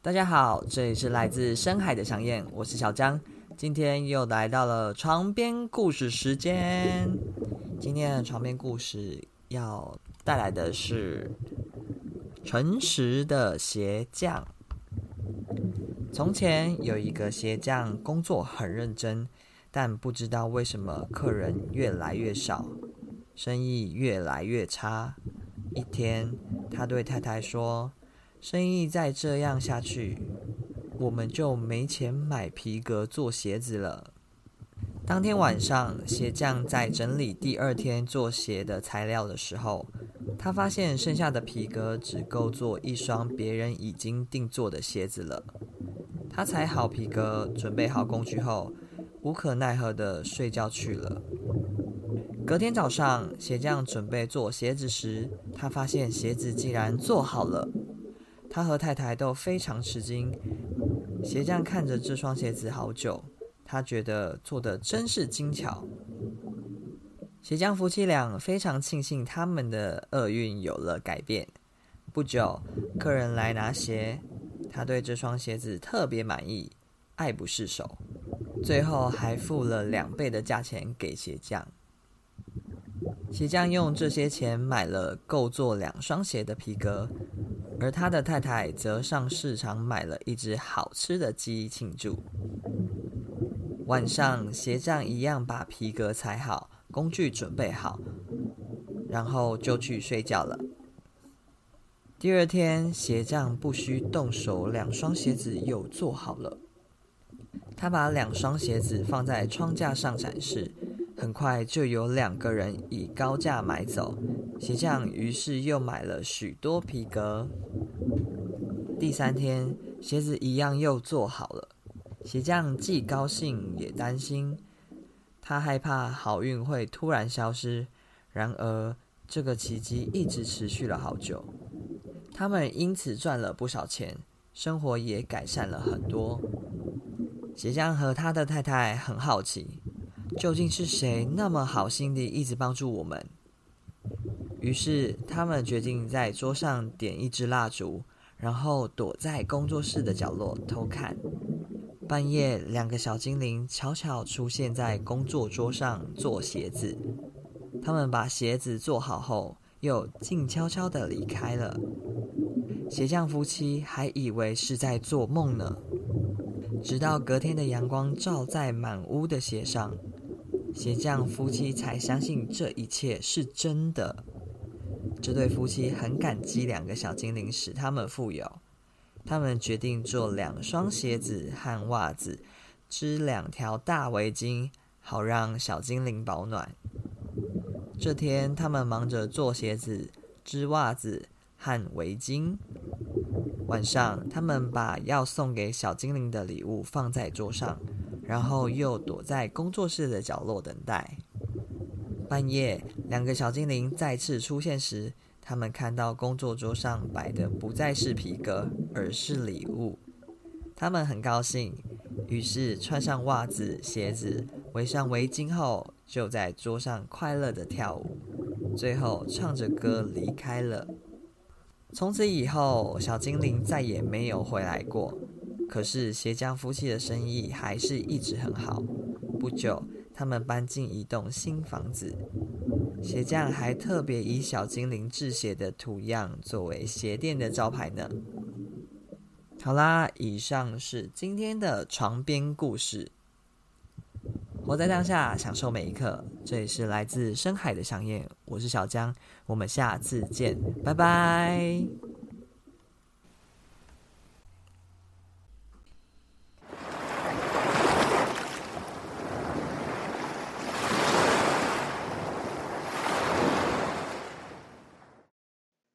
大家好，這裡是來自深海的翔燕，我是小張，今天又來到了床邊故事時間。今天的床邊故事要帶來的是《誠實的鞋匠》。從前有一個鞋匠，工作很認真，但不知道為什麼客人越來越少，生意越來越差。一天，他對太太說。生意再這樣下去，我們就沒錢買皮革做鞋子了。當天晚上，鞋匠在整理第二天做鞋的材料的時候，他發現剩下的皮革只夠做一雙別人已經定做的鞋子了。他裁好皮革，準備好工具後，無可奈何的睡覺去了。隔天早上，鞋匠準備做鞋子時，他發現鞋子竟然做好了。他和太太都非常吃驚。鞋匠看着這雙鞋子好久，他覺得做得真是精巧。鞋匠夫妻倆非常慶幸他們的厄運有了改變。不久，客人來拿鞋，他對這雙鞋子特別滿意，愛不釋手。最後還付了兩倍的價錢給鞋匠。鞋匠用這些錢買了夠做兩雙鞋的皮革。而他的太太則上市場買了一隻好吃的雞慶祝。晚上，鞋匠一樣把皮革裁好，工具準備好，然後就去睡覺了。第二天，鞋匠不需動手，兩雙鞋子又做好了。他把兩雙鞋子放在窗架上展示。很快就有兩個人以高價買走，鞋匠於是又買了許多皮革。第三天，鞋子一樣又做好了，鞋匠既高興也擔心，他害怕好運會突然消失。然而，這個奇迹一直持續了好久，他們因此賺了不少錢，生活也改善了很多。鞋匠和他的太太很好奇。究竟是誰那麼好心地一直幫助我們？於是他們決定在桌上點一支蠟燭，然後躲在工作室的角落偷看。半夜，兩個小精靈悄悄出現在工作桌上做鞋子。他們把鞋子做好後，又靜悄悄地離開了。鞋匠夫妻還以為是在做夢呢，直到隔天的陽光照在滿屋的鞋上。鞋匠夫妻才相信這一切是真的。這對夫妻很感激兩個小精靈使他們富有。他們決定做兩雙鞋子和襪子，織兩條大圍巾，好讓小精靈保暖。這天，他們忙着做鞋子、織襪子和圍巾。晚上，他們把要送給小精靈的禮物放在桌上。然後又躲在工作室的角落等待。半夜，兩個小精靈再次出現時，他們看到工作桌上擺的不再是皮革，而是禮物。他們很高興，於是穿上襪子、鞋子，圍上圍巾後，就在桌上快樂地跳舞，最後唱着歌離開了。從此以後，小精靈再也沒有回來過。可是鞋匠夫妻的生意還是一直很好。不久，他們搬進一棟新房子，鞋匠還特別以小精靈製鞋的圖樣作為鞋店的招牌呢。好啦，以上是今天的床邊故事。活在當下，享受每一刻。這裡是來自深海的香夜，我是小江，我們下次見，拜拜。